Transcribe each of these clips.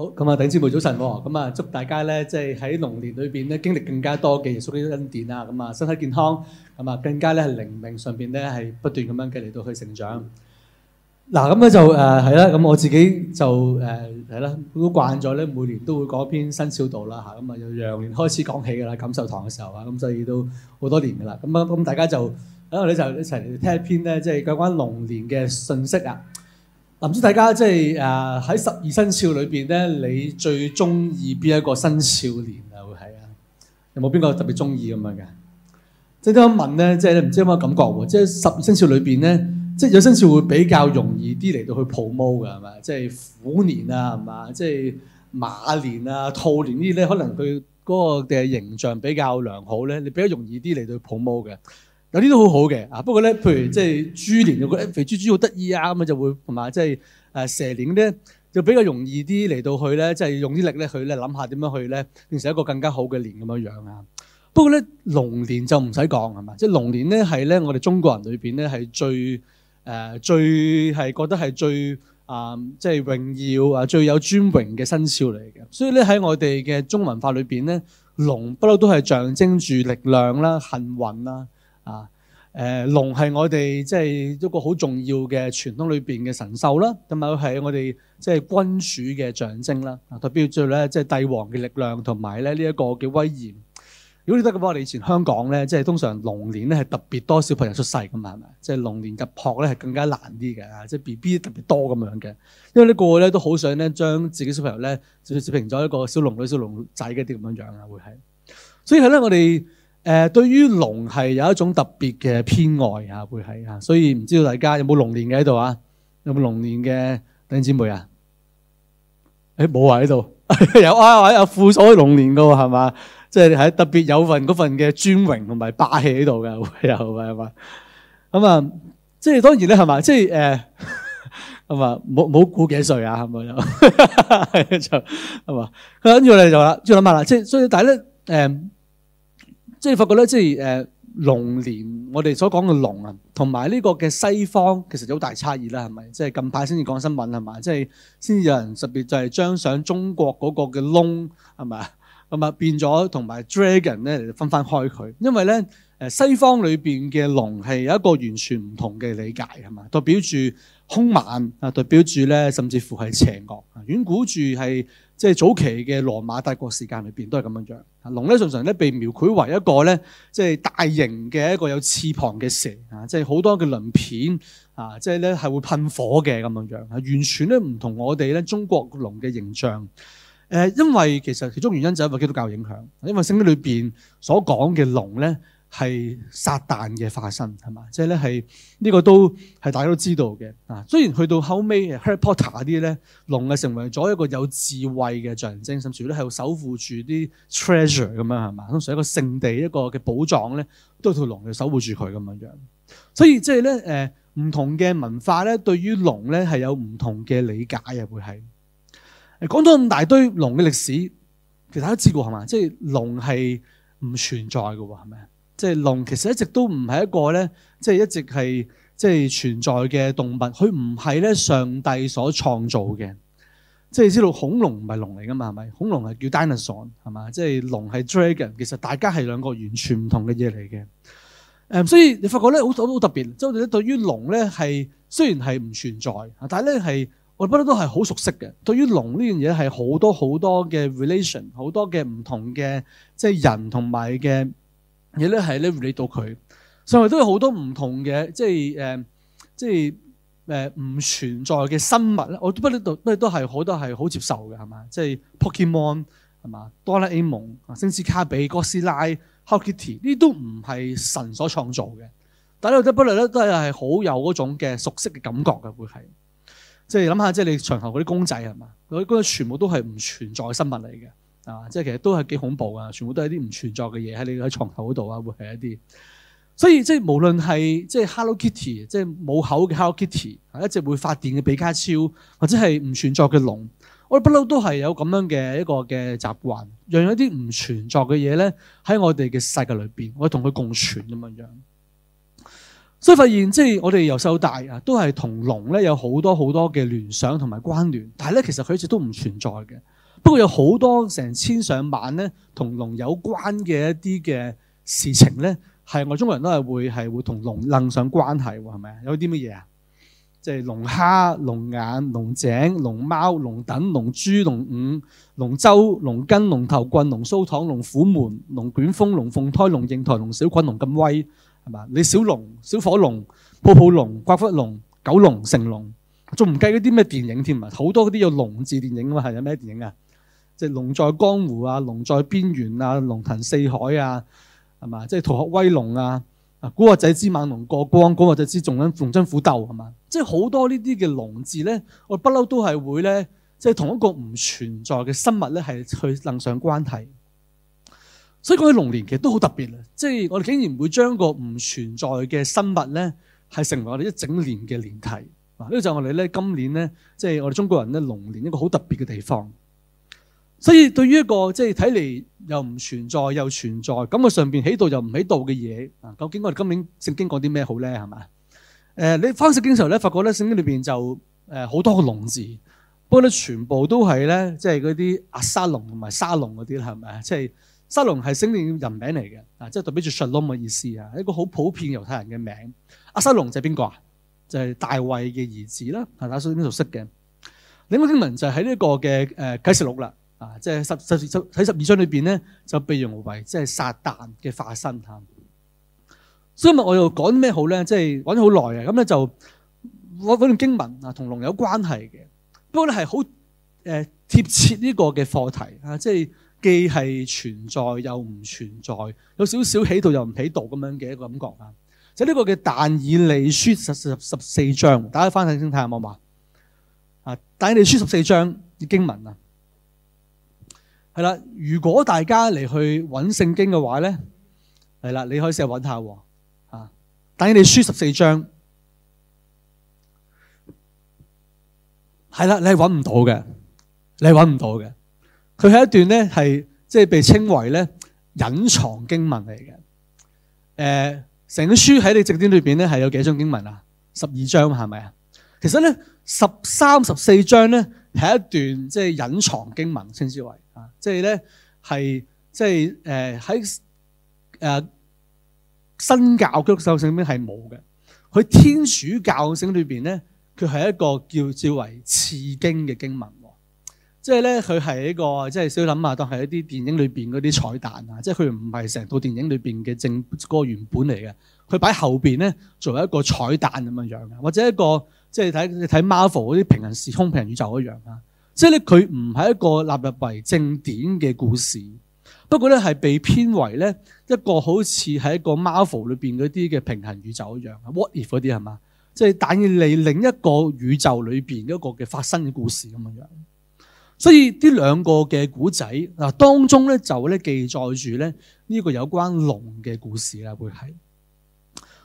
好，咁啊，弟兄姊妹早晨喎！咁啊，祝大家咧，即係喺龍年裏邊咧，經歷更加多嘅耶穌啲恩典啊！咁啊，身體健康，咁啊，更加咧係靈命上邊咧係不斷咁樣嚟到去成長。嗱，咁咧就誒係啦，咁我自己就誒係啦，都慣咗咧，每年都會講篇生肖道啦嚇，咁啊由羊年開始講起㗎啦，感受堂嘅時候啊，咁所以都好多年㗎啦。咁啊咁大家就等，我哋就一齊嚟聽一篇咧，即係講緊龍年嘅信息啊！林叔，唔知大家即係誒喺十二生肖裏邊咧，你最中意邊一個生肖年啊？會係啊？有冇邊個特別中意咁樣㗎？即係啱問咧，即係你唔知有冇感覺喎？即係十二生肖裏邊咧，即係有生肖會比較容易啲嚟到去抱毛嘅係嘛？即係虎年啊，係嘛？即係馬年啊、兔年呢啲咧，可能佢嗰個嘅形象比較良好咧，你比較容易啲嚟到去抱毛嘅。有啲都好好嘅啊，不過咧，譬如即係豬年，就覺得肥豬豬好得意啊。咁啊，就會同埋即係誒蛇年咧，就比較容易啲嚟到去咧，即係用啲力咧，去咧諗下點樣去咧，變成一個更加好嘅年咁樣樣啊。不過咧，龍年就唔使講係嘛，即係龍年咧係咧，我哋中國人裏邊咧係最誒、呃、最係覺得係最啊、呃，即係榮耀啊，最有尊榮嘅生肖嚟嘅。所以咧喺我哋嘅中文化裏邊咧，龍不嬲都係象徵住力量啦、幸運啦。啊，誒、呃、龍係我哋即係一個好重要嘅傳統裏邊嘅神獸啦，咁啊係我哋即係君主嘅象徵啦，啊代表住咧即係帝王嘅力量同埋咧呢一個嘅威嚴。如果你得嘅話，我哋以前香港咧，即係通常龍年咧係特別多小朋友出世噶嘛，係咪？即係龍年入撲咧係更加難啲嘅啊，即係 B B 特別多咁樣嘅，因為呢個個咧都好想咧將自己小朋友咧就變成咗一個小龍女、小龍仔嘅啲咁樣樣啊，會係。所以係咧，我哋。誒、呃、對於龍係有一種特別嘅偏愛嚇、啊，會係嚇，所以唔知道大家有冇龍年嘅喺度啊？有冇龍年嘅弟兄姊妹啊？誒冇啊喺度，有啊，啊啊啊啊就是、有富所龍年噶喎，係嘛、嗯？即係喺特別有份嗰份嘅尊榮同埋霸氣喺度嘅，會有係嘛？咁、呃、啊，即係當然咧係嘛？即係誒咁啊，冇冇估幾歲啊？係咪就係嘛？跟住我哋就啦，再諗下啦，即係所以大家咧誒。即係發覺咧，即係誒龍年，我哋所講嘅龍啊，同埋呢個嘅西方其實有好大差異啦，係咪？即係近排先至講新聞係嘛？即係先至有人特別就係將上中國嗰個嘅龍係嘛咁啊變咗，同埋 dragon 咧分翻開佢，因為咧。誒西方裏邊嘅龍係有一個完全唔同嘅理解係嘛？代表住兇猛啊，代表住咧甚至乎係邪惡啊。遠古住係即係早期嘅羅馬帝國時間裏邊都係咁樣樣。龍咧常常咧被描繪為一個咧即係大型嘅一個有翅膀嘅蛇啊，即係好多嘅鱗片啊，即係咧係會噴火嘅咁樣樣啊，完全咧唔同我哋咧中國龍嘅形象。誒，因為其實其中原因就係因為基督教影響，因為聖經裏邊所講嘅龍咧。係撒旦嘅化身係嘛？即係咧係呢個都係大家都知道嘅啊。雖然去到後尾《Harry Potter》啲咧，龍啊成為咗一個有智慧嘅象徵，甚至咧係要守護住啲 treasure 咁樣係嘛。通常一個聖地一個嘅寶藏咧，都有條龍嚟守護住佢咁樣樣。所以即係咧誒，唔、呃、同嘅文化咧，對於龍咧係有唔同嘅理解嘅會係。講咗咁大堆龍嘅歷史，其實大家都知過係嘛？即係、就是、龍係唔存在嘅喎，係咪？即係龍其實一直都唔係一個咧，即係一直係即係存在嘅動物。佢唔係咧上帝所創造嘅，即係知道恐龍唔係龍嚟噶嘛？係咪？恐龍係叫 dinosaur 係嘛？即係龍係 dragon。其實大家係兩個完全唔同嘅嘢嚟嘅。誒、um，所以你發覺咧好好特別，即係我哋對於龍咧係雖然係唔存在，但係咧係我哋不嬲都係好熟悉嘅。對於龍呢樣嘢係好多好多嘅 relation，好多嘅唔同嘅即係人同埋嘅。而咧係咧理解到佢，上嚟都有好多唔同嘅，即係誒、呃，即係誒，唔、呃、存在嘅生物咧。我都不理都都係好多係好接受嘅，係嘛？即係 Pokemon 係嘛？哆啦 A 夢、星之卡比、哥斯拉、Hello Kitty 呢啲都唔係神所創造嘅，但係咧不不嚟咧都係係好有嗰種嘅熟悉嘅感覺嘅，會係即係諗下，即係你長頭嗰啲公仔係嘛？嗰嗰啲全部都係唔存在嘅生物嚟嘅。啊！即係其實都係幾恐怖㗎，全部都係啲唔存在嘅嘢喺你喺床頭嗰度啊，會係一啲。所以即係無論係即係 Hello Kitty，即係冇口嘅 Hello Kitty，一直會發電嘅比卡超，或者係唔存在嘅龍，我哋不嬲都係有咁樣嘅一個嘅習慣，讓一啲唔存在嘅嘢咧喺我哋嘅世界裏邊，我同佢共存咁樣。所以發現即係我哋由細到大啊，都係同龍咧有好多好多嘅聯想同埋關聯，但係咧其實佢一直都唔存在嘅。不過有好多成千上萬咧，同龍有關嘅一啲嘅事情咧，係我中國人都係會係會同龍諗上關係喎，係咪有啲乜嘢啊？即係龍蝦、龍眼、龍井、龍貓、龍等、龍豬、龍五、龍舟、龍筋、龍頭棍、龍鬚糖、龍虎門、龍捲風、龍鳳胎、龍應台、龍小棍、龍咁威係嘛？李小龍、小火龍、泡泡龍、龍、刮骨龍、九龍、成龍，仲唔計嗰啲咩電影添啊？好多嗰啲有龍字電影啊？係有咩電影啊？即係龍在江湖啊，龍在邊緣啊，龍騰四海啊，係嘛？即係《逃學威龍》啊，《古惑仔之猛龍過江》，《古惑仔之仲爭龍爭虎鬥》，係嘛？即係好多呢啲嘅龍字咧，我不嬲都係會咧，即係同一個唔存在嘅生物咧，係去 link 上關係。所以講起龍年，其實都好特別啊！即係我哋竟然會將個唔存在嘅生物咧，係成為我哋一整年嘅年題。呢個就係我哋咧今年咧，即係我哋中國人咧龍年一個好特別嘅地方。所以對於一個即係睇嚟又唔存在又存在咁嘅上邊，喺度又唔喺度嘅嘢啊，究竟我哋今年聖經講啲咩好咧？係嘛？誒、呃，你翻聖經嘅時候咧，發覺咧聖經裏邊就誒好、呃、多個龍字，不過咧全部都係咧即係嗰啲阿沙龍同埋沙龍嗰啲啦，係咪啊？即係沙龍係聖經人名嚟嘅啊，即係代表住 Shalom 嘅意思啊，一個好普遍猶太人嘅名。阿沙龍就係邊個啊？大所就係大衛嘅兒子啦，係打聖經度識嘅。另外經文就喺呢個嘅誒啟示錄啦。啊，即係十十十喺十二章裏邊咧，就被用為即係撒旦嘅化身嚇。所以我又講咩好咧？即係講咗好耐嘅，咁咧就揾揾段經文啊，同龍有關係嘅，不過咧係好誒貼切呢個嘅課題啊，即係既係存在又唔存在，有少少喺度又唔喺度咁樣嘅一個感覺啊。就呢個嘅但以理書十十十四章，打開翻嚟先睇下，望下啊，但以理書十四章嘅經文啊。係啦，如果大家嚟去揾聖經嘅話咧，係啦，你可以試下揾下喎。啊，但以理書十四章，係啦，你係揾唔到嘅，你揾唔到嘅。佢係一段咧，係即係被稱為咧隱藏經文嚟嘅。誒、呃，成啲書喺你聖經裏邊咧，係有幾章經文啊？十二章係咪啊？其實咧，十三十四章咧。係一段即係隱藏經文，稱之為啊，即係咧係即係喺新教基督教聖經係冇嘅，佢天主教聖經裏邊咧，佢係一個叫之為次經嘅經文。即係咧，佢係一個即係小諗下，想想當係一啲電影裏面嗰啲彩蛋啊，即係佢唔係成套電影裏面嘅正個原本嚟嘅，佢擺後邊咧作為一個彩蛋咁嘅樣，或者一個。即係睇你睇 Marvel 嗰啲平行時空，平行宇宙一樣啊，即係咧，佢唔係一個納入為正典嘅故事，不過咧係被編為咧一個好似喺一個 Marvel 裏面嗰啲嘅平行宇宙一樣，What if 嗰啲係嘛？即係但係你另一個宇宙裏面一個嘅發生嘅故事咁樣。所以呢兩個嘅古仔嗱，當中咧就咧記載住咧呢個有關龍嘅故事啦，會係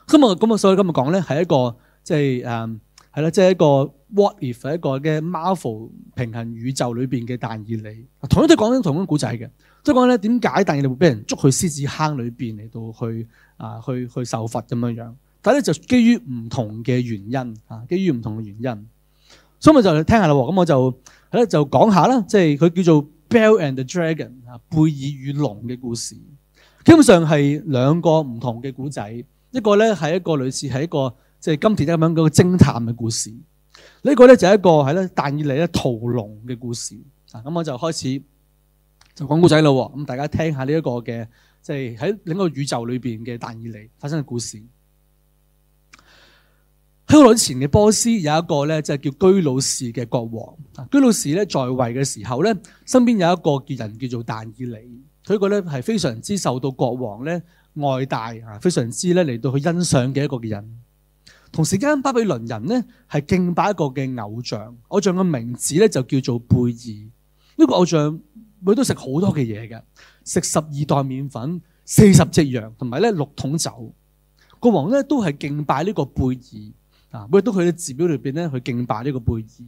咁啊，咁啊，所以今日講咧係一個即係係啦，即係一個 what if 一個嘅 Marvel 平衡宇宙裏面嘅但以理。同樣都講緊同樣嘅古仔嘅，即係講咧點解但以理會俾人捉去獅子坑裏面嚟到去啊去去受罰咁樣樣。但係咧就基於唔同嘅原因啊，基於唔同嘅原因，所以我就聽下啦。咁我就係咧就講下啦，即係佢叫做《Bell and the Dragon》啊，《貝爾與龍》嘅故事。基本上係兩個唔同嘅古仔，一個咧係一個類似係一個。即係金田一咁樣嗰個偵探嘅故事，呢個咧就係一個係咧但以理咧屠龍嘅故事啊。咁我就開始就講故仔啦。咁大家聽下呢一個嘅即係喺另一個宇宙裏邊嘅但以理發生嘅故事。喺好耐之前嘅波斯有一個咧，即係叫居魯士嘅國王。居魯士咧在位嘅時候咧，身邊有一個嘅人叫做但以理，佢個咧係非常之受到國王咧愛戴啊，非常之咧嚟到去欣賞嘅一個嘅人。同時間，巴比倫人呢，係敬拜一個嘅偶像，偶像嘅名字呢，就叫做貝爾。呢個偶像每都食好多嘅嘢嘅，食十二袋麵粉、四十隻羊同埋呢六桶酒。國王呢，都係敬拜呢個貝爾啊，每日都去到佢嘅寺廟裏邊呢，去敬拜呢個貝爾。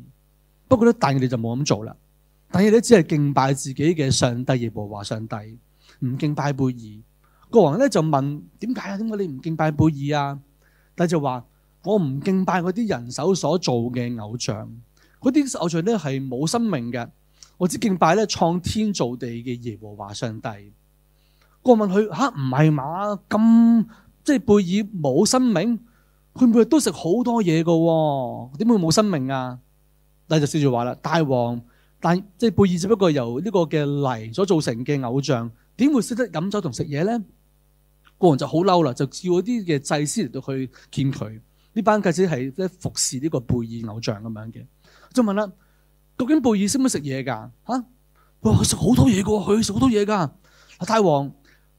不過呢，但以理就冇咁做啦，但以理只係敬拜自己嘅上帝耶和華上帝，唔敬拜貝爾。國王呢，就問：點解啊？點解你唔敬拜貝爾啊？但以理就話。我唔敬拜嗰啲人手所做嘅偶像，嗰啲偶像咧係冇生命嘅。我只敬拜咧創天造地嘅耶和華上帝。國王問佢：吓唔係嘛？咁即係貝爾冇生命，佢每日都食好多嘢噶，點會冇生命啊？但就笑住話啦，大王，但即係貝爾只不過由呢個嘅泥所造成嘅偶像，點會識得飲酒同食嘢咧？國王就好嬲啦，就叫一啲嘅祭司嚟到去見佢。呢班祭司係咧服侍呢個貝爾偶像咁樣嘅，就問啦：究竟貝爾識唔識食嘢噶？嚇、啊！佢食好多嘢噶，佢食好多嘢噶。大王，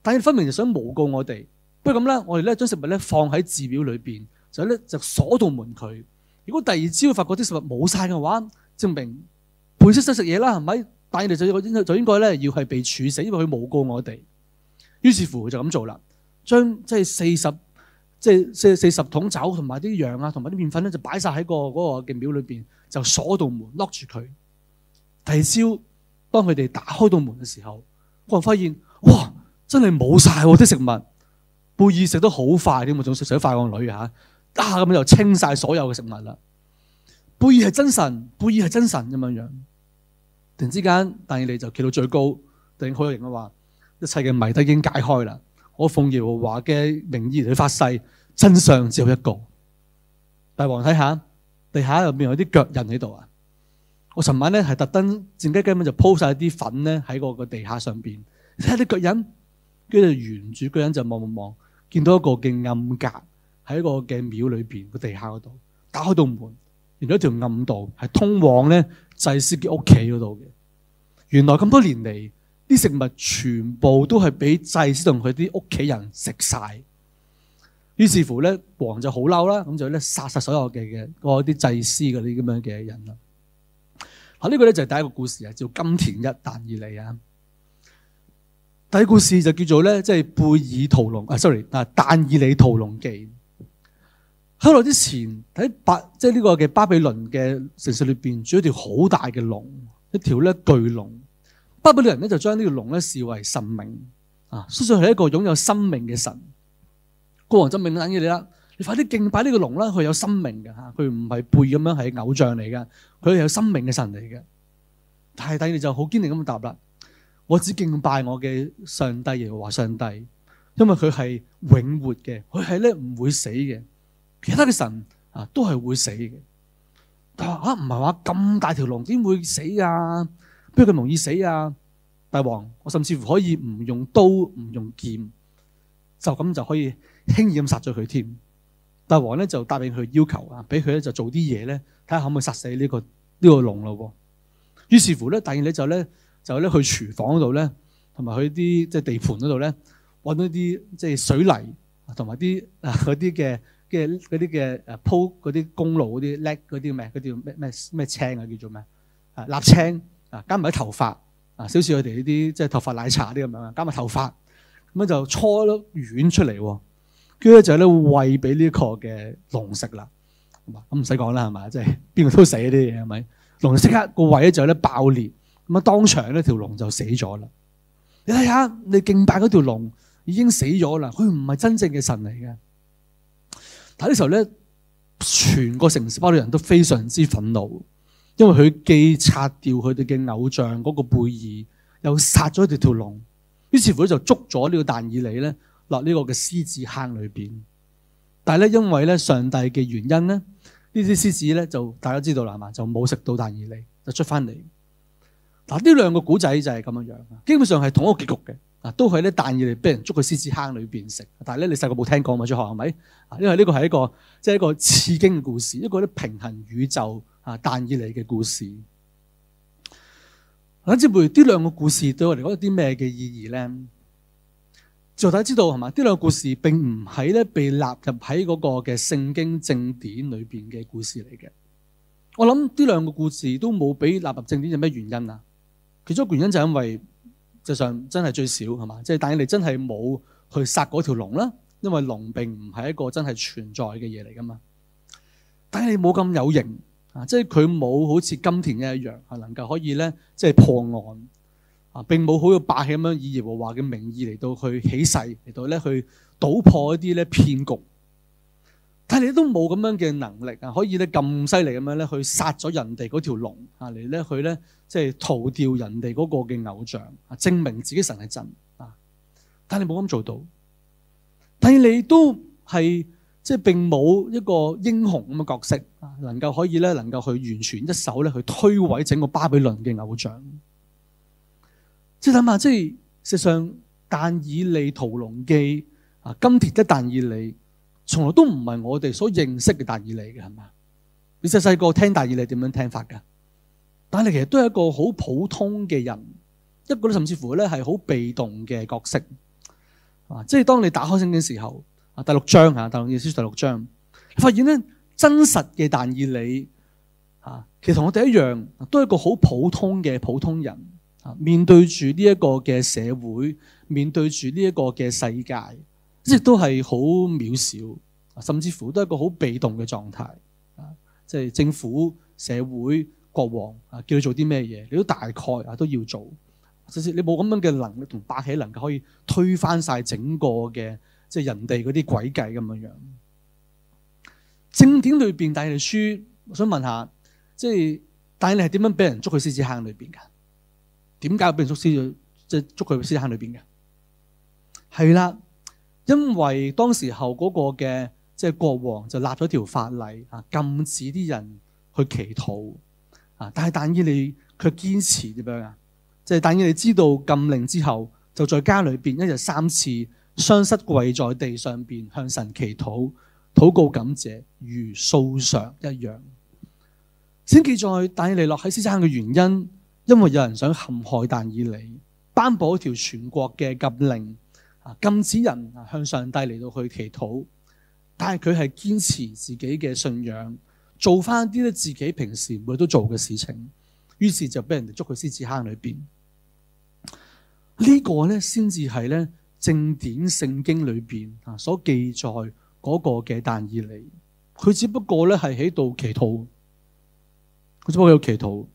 但係分明就想誣告我哋，不如咁啦，我哋咧將食物咧放喺寺廟裏邊，就咧就鎖到門佢。如果第二朝發覺啲食物冇晒嘅話，證明貝爾識食嘢啦，係咪？但係就應就應該咧要係被處死，因為佢誣告我哋。於是乎就咁做啦，將即係四十。即係四四十桶酒同埋啲羊啊，同埋啲麵粉咧就擺晒喺個嗰個嘅廟裏邊，就鎖到門 lock 住佢。第二朝，當佢哋打開到門嘅時候，個人發現哇，真係冇曬啲食物。貝爾食得好快添，仲食上快過女嚇，一下咁就清晒所有嘅食物啦。貝爾係真神，貝爾係真神咁樣樣。突然之間，但以理就企到最高，突然好有型咁話：一切嘅謎都已經解開啦。我奉耶和華嘅名義去發誓，真相只有一個。大王睇下，地下入邊有啲腳印喺度啊！我尋晚咧係特登靜雞雞咁就鋪晒啲粉咧喺個地下上邊，睇下啲腳印，跟住沿住腳印就望望望，見到一個嘅暗格喺一個嘅廟裏邊個地下嗰度，打開道門，沿咗條暗道係通往咧祭司嘅屋企嗰度嘅。原來咁多年嚟，啲食物全部都係俾祭司同佢啲屋企人食晒。於是乎咧，王就好嬲啦，咁就咧殺殺所有嘅嗰啲祭司嗰啲咁樣嘅人啦。吓，呢個咧就係第一個故事啊,叫《金田一但以理》啊。第一個故事就叫做咧即係《貝爾屠龍》，啊 sorry 啊，《但以理屠龍記》。喺我之前喺巴即係呢個嘅巴比倫嘅城市裏邊，住咗一條好大嘅龍，一條咧巨龍。巴比倫嘅人咧就將呢條龍咧視為神明啊，相信係一個擁有生命嘅神。國王真問等住你啦，你快啲敬拜呢個龍啦，佢有生命嘅吓，佢唔係背咁樣係偶像嚟嘅，佢係有生命嘅神嚟嘅。但以理你就好堅定咁答啦，我只敬拜我嘅上帝耶和華上帝，因為佢係永活嘅，佢係咧唔會死嘅。其他嘅神啊都係會死嘅。但話啊唔係話咁大條龍點會死啊？不過佢容易死啊！大王，我甚至乎可以唔用刀唔用劍，就咁就可以輕易咁殺咗佢添。大王咧就答應佢要求啊，俾佢咧就做啲嘢咧，睇下可唔可以殺死呢個呢個龍咯。於是乎咧，大賢者就咧就咧去廚房嗰度咧，同埋去啲即係地盤嗰度咧，揾到啲即係水泥同埋啲嗰啲嘅嘅啲嘅誒鋪嗰啲公路嗰啲叻嗰啲咩？嗰條咩咩咩青啊叫做咩啊？瀝青。啊，加埋啲頭髮，啊，少少佢哋呢啲即係頭髮奶茶啲咁樣啊，加埋頭髮，咁樣就搓一粒丸出嚟，跟住咧就係咧餵俾呢個嘅龍食啦，咁唔使講啦，係嘛，即係邊個都死嗰啲嘢係咪？龍即刻個胃就咧爆裂，咁啊當場咧條龍就死咗啦。你睇下，你敬拜嗰條龍已經死咗啦，佢唔係真正嘅神嚟嘅。睇呢時候咧，全個城市包魯人都非常之憤怒。因為佢既拆掉佢哋嘅偶像嗰個貝爾，又殺咗一條龍，於是乎就捉咗呢個但以理咧落呢個嘅獅子坑裏邊。但係咧，因為咧上帝嘅原因咧，呢啲獅子咧就大家知道啦嘛，就冇食到但以理，就出翻嚟。嗱，呢兩個古仔就係咁樣樣，基本上係同一個結局嘅啊，都係呢但以理俾人捉去獅子坑裏邊食。但係咧，你細個冇聽過嘛？張學係咪啊？因為呢個係一個即係、就是、一個刺激嘅故事，一個咧平衡宇宙。啊！但以理嘅故事，等陣回呢兩個故事對我嚟講有啲咩嘅意義咧？就大家知道係嘛？呢兩個故事並唔係咧被納入喺嗰個嘅聖經正典裏邊嘅故事嚟嘅。我諗呢兩個故事都冇俾納入正典有咩原因啊？其中原因就因為，實際上真係最少係嘛？即係、就是、但以理真係冇去殺嗰條龍啦，因為龍並唔係一個真係存在嘅嘢嚟噶嘛，但係冇咁有型。即係佢冇好似金田一一樣，係能夠可以咧，即係破案啊！並冇好似霸氣咁樣以耶和華嘅名義嚟到去起誓，嚟到咧去倒破一啲咧騙局。但係你都冇咁樣嘅能力啊！可以咧咁犀利咁樣咧去殺咗人哋嗰條龍啊！嚟咧去咧即係屠掉人哋嗰個嘅偶像啊！證明自己神係真啊！但係你冇咁做到。但係你都係。即係並冇一個英雄咁嘅角色啊，能夠可以咧，能夠去完全一手咧去摧毀整個巴比倫嘅偶像。即係諗下，即係事實上，但以理屠龍記啊，金田一但以理，從來都唔係我哋所認識嘅但以理嘅，係嘛？你細細個聽但以理點樣聽法㗎？但以理其實都係一個好普通嘅人，一個甚至乎咧係好被動嘅角色，係、啊、即係當你打開聖經嘅時候。第六章嚇，第六章，你發現咧真實嘅但以理，嚇，其實同我哋一樣，都係一個好普通嘅普通人嚇。面對住呢一個嘅社會，面對住呢一個嘅世界，即係都係好渺小，甚至乎都係一個好被動嘅狀態啊！即係政府、社會、國王啊，叫你做啲咩嘢，你都大概啊都要做。甚至你冇咁樣嘅能力同霸氣，起能夠可以推翻晒整個嘅。即係人哋嗰啲鬼計咁樣樣，正典裏邊但以理書，我想問下，即係但以理你係點樣俾人捉去獅子坑裏邊嘅？點解會俾人捉獅，即係捉去獅子坑裏邊嘅？係啦，因為當時候嗰個嘅即係國王就立咗條法例啊，禁止啲人去祈禱啊。但係但以理佢堅持點樣啊？即係但以理知道禁令之後，就在家裏邊一日三次。雙膝跪在地上邊，向神祈禱、禱告、感謝，如素常一樣。先記載但以理落喺獅子坑嘅原因，因為有人想陷害但以理，頒布一條全國嘅禁令啊，禁止人啊向上帝嚟到去祈禱。但係佢係堅持自己嘅信仰，做翻啲咧自己平時每日都做嘅事情，於是就俾人哋捉去獅子坑裏邊呢、呢個咧，先至係咧。正典聖經裏面啊，所記載嗰個嘅但以理，佢只不過咧係喺度祈禱，佢只不過有祈禱。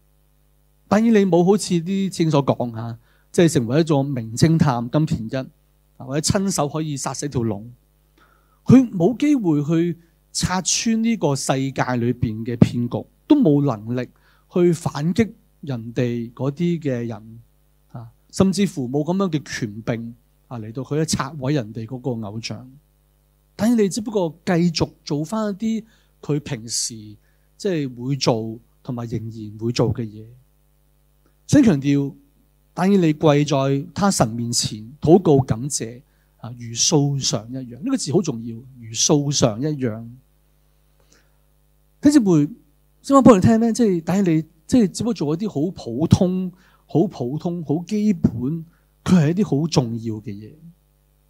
但以理冇好似啲前所講嚇，即係成為一座名偵探金田一，或者親手可以殺死條龍。佢冇機會去拆穿呢個世界裏面嘅騙局，都冇能力去反擊人哋嗰啲嘅人啊，甚至乎冇咁樣嘅權柄。啊，嚟到佢一拆毀人哋嗰個偶像，但係你只不過繼續做返一啲佢平時即係會做同埋仍然會做嘅嘢。先強調，等於你跪在他神面前禱告感謝，啊，如素常一樣呢個字好重要，如素常一樣。睇先會先幫佢聽咧，即係等係你即係只不過做一啲好普通、好普通、好基本。佢係一啲好重要嘅嘢，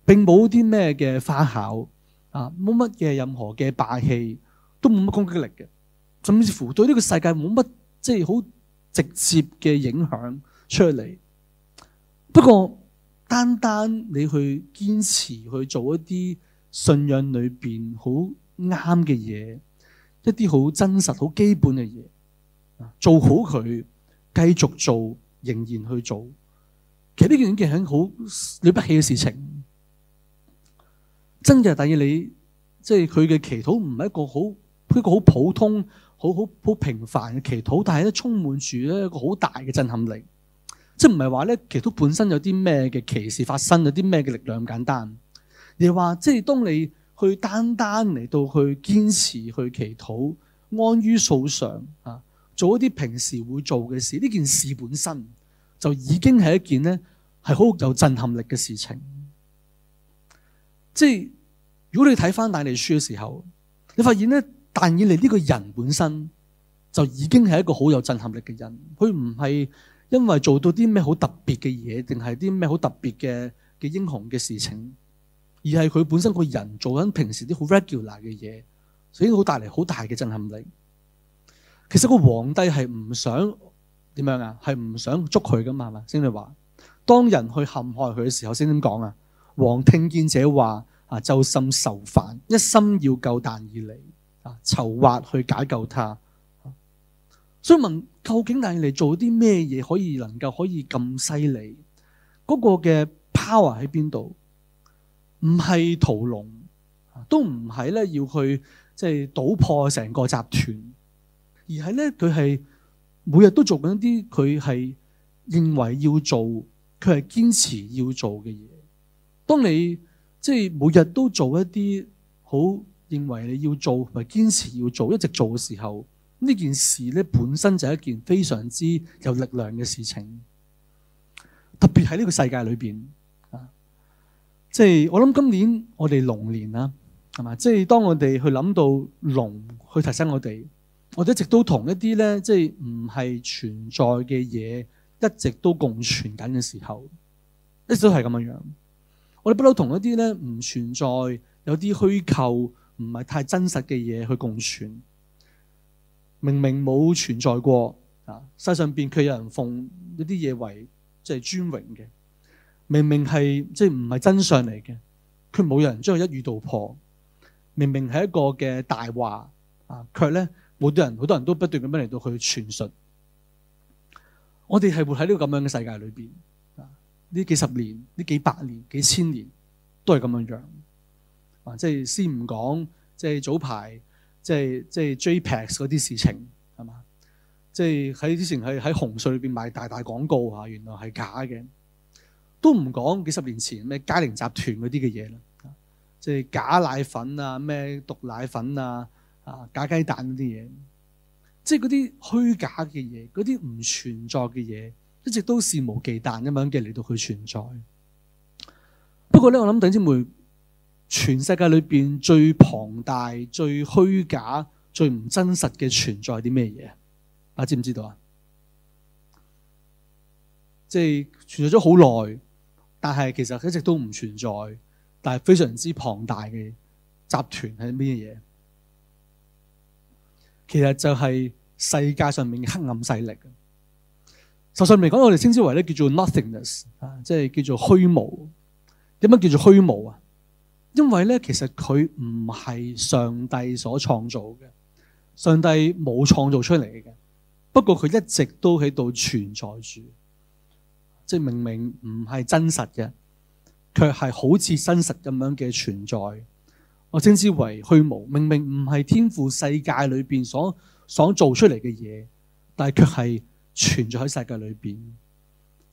並冇啲咩嘅花巧啊，冇乜嘅任何嘅霸氣，都冇乜攻擊力嘅，甚至乎對呢個世界冇乜即係好直接嘅影響出嚟。不過單單你去堅持去做一啲信仰裏邊好啱嘅嘢，一啲好真實、好基本嘅嘢，做好佢，繼續做，仍然去做。其實呢件嘢係好了不起嘅事情，真的你，真嘅。但係你即係佢嘅祈禱唔係一個好一個好普通、好好好平凡嘅祈禱，但係咧充滿住咧一個好大嘅震撼力。即係唔係話咧祈禱本身有啲咩嘅奇事發生，有啲咩嘅力量咁簡單。而係話即係當你去單單嚟到去堅持去祈禱、安於素常，啊，做一啲平時會做嘅事，呢件事本身。就已經係一件咧，係好有震撼力嘅事情。即係如果你睇翻但以理書嘅時候，你發現咧，但以理呢個人本身就已經係一個好有震撼力嘅人。佢唔係因為做到啲咩好特別嘅嘢，定係啲咩好特別嘅嘅英雄嘅事情，而係佢本身個人做緊平時啲好 regular 嘅嘢，所以好帶嚟好大嘅震撼力。其實個皇帝係唔想。點樣啊？係唔想捉佢噶嘛？係嘛？先嚟話，當人去陷害佢嘅時候先點講啊！王聽見這話啊，就甚愁煩，一心要救但以理啊，籌劃去解救他。所以問究竟但以理做啲咩嘢可以能夠可以咁犀利？嗰、那個嘅 power 喺邊度？唔係屠龍，都唔係咧，要去即係搗破成個集團，而係咧佢係。每日都做緊一啲佢係認為要做，佢係堅持要做嘅嘢。當你即係每日都做一啲好認為你要做，同埋堅持要做，一直做嘅時候，呢件事呢本身就係一件非常之有力量嘅事情。特別喺呢個世界裏邊啊，即係我諗今年我哋龍年啦，係嘛？即係當我哋去諗到龍去提升我哋。我哋一直都同一啲咧，即係唔係存在嘅嘢，一直都共存緊嘅時候，一直都係咁樣樣。我哋不嬲同一啲咧唔存在，有啲虛構、唔係太真實嘅嘢去共存。明明冇存在過啊，世上邊卻有人奉一啲嘢為即係尊榮嘅。明明係即係唔係真相嚟嘅，卻冇有，有人將佢一語道破。明明係一個嘅大話啊，卻咧。好多人，好多人都不斷咁樣嚟到去傳述。我哋係活喺呢個咁樣嘅世界裏邊。啊，呢幾十年、呢幾百年、幾千年都係咁樣樣。啊，即係先唔講，即係早排，即係即係 JPEX 嗰啲事情係嘛？即係喺之前係喺紅水裏邊賣大大廣告啊，原來係假嘅。都唔講幾十年前咩佳寧集團嗰啲嘅嘢啦。啊，即係假奶粉啊，咩毒奶粉啊。啊，假雞蛋嗰啲嘢，即係嗰啲虛假嘅嘢，嗰啲唔存在嘅嘢，一直都肆無忌憚咁樣嘅嚟到佢存在。不過咧，我諗等尖梅全世界裏邊最龐大、最虛假、最唔真實嘅存在啲咩嘢？啊，知唔知道啊？即係存在咗好耐，但係其實一直都唔存在，但係非常之龐大嘅集團係咩嘢？其實就係世界上面黑暗勢力嘅。事實上嚟講，我哋稱之為咧叫做 Nothingness 啊，即係叫做虛無。點解叫做虛無啊？因為咧，其實佢唔係上帝所創造嘅，上帝冇創造出嚟嘅。不過佢一直都喺度存在住，即係明明唔係真實嘅，卻係好似真實咁樣嘅存在。我稱之為虛無，明明唔係天賦世界裏邊所所做出嚟嘅嘢，但係卻係存在喺世界裏邊。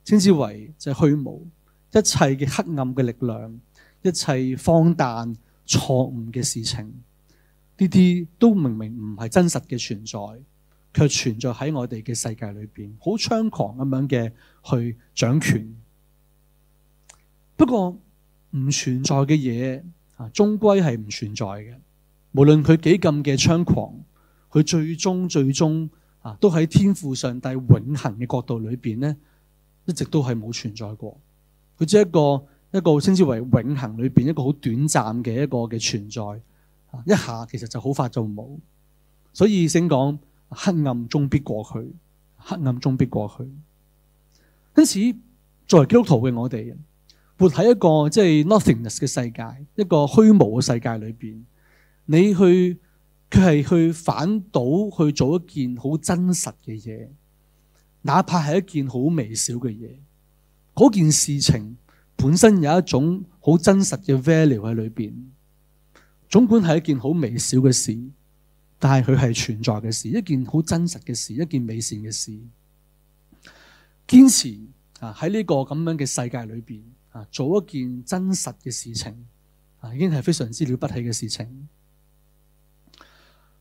稱之為就係虛無，一切嘅黑暗嘅力量，一切荒誕錯誤嘅事情，呢啲都明明唔係真實嘅存在，卻存在喺我哋嘅世界裏邊，好猖狂咁樣嘅去掌權。不過唔存在嘅嘢。啊，終歸係唔存在嘅。無論佢幾咁嘅猖狂，佢最終最終啊，都喺天父上帝永恆嘅國度裏邊咧，一直都係冇存在過。佢只係一個一個稱之為永恆裏邊一個好短暫嘅一個嘅存在，啊，一下其實就好快就冇。所以先講黑暗終必過去，黑暗終必過去。因此，作為基督徒嘅我哋，活喺一個即係 nothingness 嘅世界，一個虛無嘅世界裏邊，你去佢係去反倒去做一件好真實嘅嘢，哪怕係一件好微小嘅嘢，嗰件事情本身有一種好真實嘅 value 喺裏邊。盡管係一件好微小嘅事，但係佢係存在嘅事，一件好真實嘅事，一件美善嘅事。堅持啊喺呢個咁樣嘅世界裏邊。啊！做一件真實嘅事情，啊，已經係非常之了不起嘅事情。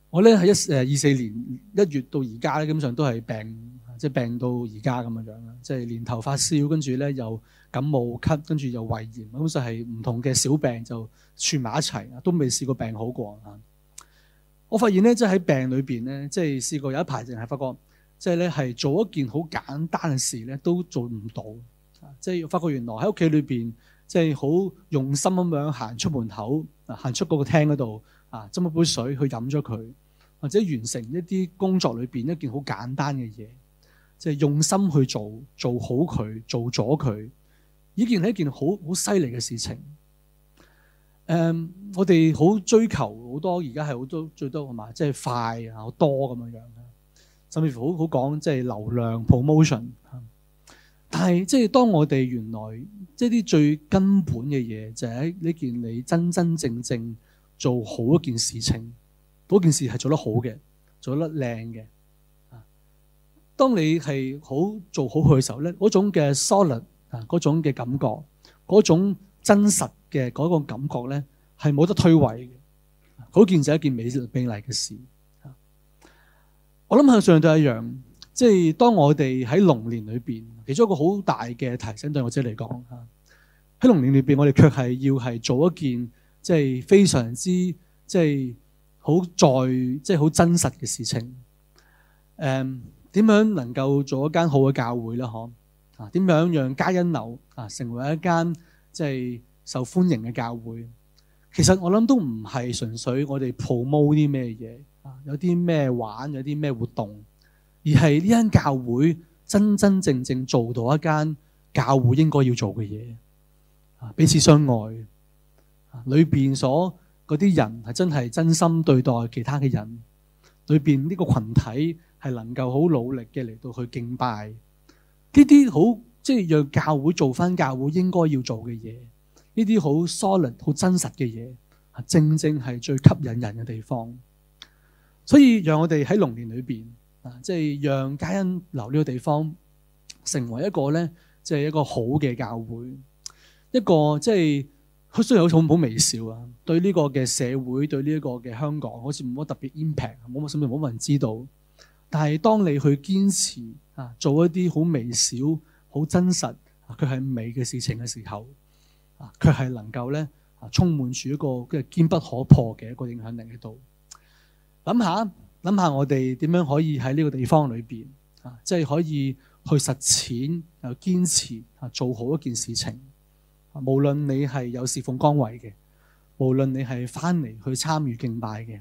我咧喺一誒二四年一月到而家咧，基本上都係病，即係病到而家咁嘅樣啦。即係年頭發燒，跟住咧又感冒、咳，跟住又胃炎，咁就係唔同嘅小病就串埋一齊，都未試過病好過啊！我發現咧，即係喺病裏邊咧，即係試過有一排，淨係發覺，即係咧係做一件好簡單嘅事咧，都做唔到。即係發覺原來喺屋企裏邊，即係好用心咁樣行出門口，行出嗰個廳嗰度，啊，斟一杯水去飲咗佢，或者完成一啲工作裏邊一件好簡單嘅嘢，即係用心去做，做好佢，做咗佢，呢件係一件好好犀利嘅事情。誒，我哋好追求好多，而家係好多最多係嘛，即係快啊好多咁樣樣，甚至乎好好講，即係流量 promotion。但係即係當我哋原來即係啲最根本嘅嘢，就係呢件你真真正正做好一件事情，情嗰件事係做得好嘅，做得靚嘅。啊，當你係好做好佢嘅時候咧，嗰種嘅 solid 啊，嗰種嘅感覺，嗰種真實嘅嗰個感覺咧，係冇得推諉嘅。嗰件就係一件美麗嘅事。我諗向上就一樣。即係當我哋喺龍年裏邊，其中一個好大嘅提醒對我自己嚟講，喺龍年裏邊，我哋卻係要係做一件即係、就是、非常之即係好在即係好真實嘅事情。誒、嗯、點樣能夠做一間好嘅教會咧？可啊點樣讓加恩堂啊成為一間即係受歡迎嘅教會？其實我諗都唔係純粹我哋 promote 啲咩嘢啊，有啲咩玩，有啲咩活動。而係呢間教會真真正正做到一間教會應該要做嘅嘢，啊，彼此相愛，裏邊所嗰啲人係真係真心對待其他嘅人，裏邊呢個群體係能夠好努力嘅嚟到去敬拜。呢啲好，即係讓教會做翻教會應該要做嘅嘢，呢啲好 solid 好真實嘅嘢，啊，正正係最吸引人嘅地方。所以讓我哋喺龍年裏邊。啊！即係讓加恩留呢個地方，成為一個咧，即係一個好嘅教會，一個即係佢雖然好似好微小啊，對呢個嘅社會，對呢一個嘅香港好像沒有特別影響，好似冇乜特別 impact，冇乜甚至冇乜人知道。但係當你去堅持啊，做一啲好微小、好真實，佢係美嘅事情嘅時候，啊，卻係能夠咧啊，充滿住一個嘅堅不可破嘅一個影響力喺度。諗下。諗下我哋點樣可以喺呢個地方裏面，啊，即係可以去實踐又堅持啊，做好一件事情。無論你係有侍奉崗位嘅，無論你係翻嚟去參與敬拜嘅，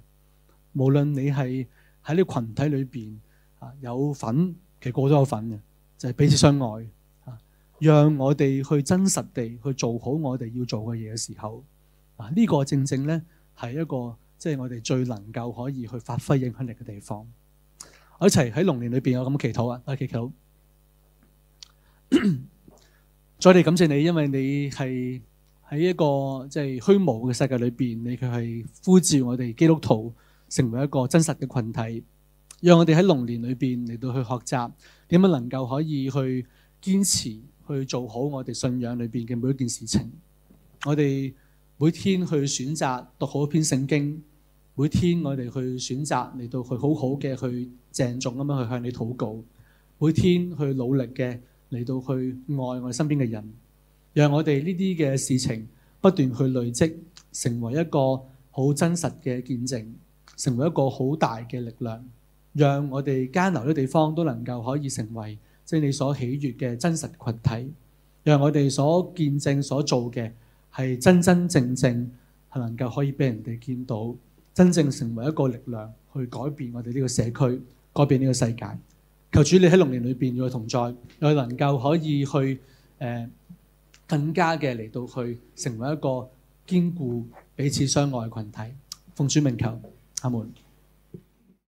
無論你係喺呢個群體裏面，啊，有份，其實過咗有份嘅，就係、是、彼此相愛啊。讓我哋去真實地去做好我哋要做嘅嘢嘅時候，啊、這、呢個正正咧係一個。即係我哋最能夠可以去發揮影響力嘅地方，我在一齊喺龍年裏邊有咁祈禱啊！阿祈祈佬， 再嚟感謝你，因為你係喺一個即係虛無嘅世界裏邊，你佢係呼召我哋基督徒成為一個真實嘅群體，讓我哋喺龍年裏邊嚟到去學習點樣能夠可以去堅持去做好我哋信仰裏邊嘅每一件事情，我哋每天去選擇讀好一篇聖經。每天我哋去選擇嚟到去好好嘅去鄭重咁樣去向你禱告，每天去努力嘅嚟到去愛我哋身邊嘅人，讓我哋呢啲嘅事情不斷去累積，成為一個好真實嘅見證，成為一個好大嘅力量，讓我哋艱難嘅地方都能夠可以成為即係你所喜悅嘅真實群體，讓我哋所見證所做嘅係真真正正係能夠可以俾人哋見到。真正成為一個力量去改變我哋呢個社區，改變呢個世界。求主你喺龍年裏面，與我同在，我哋能夠可以去、呃、更加嘅嚟到去成為一個堅固彼此相愛嘅群體。奉主名求，阿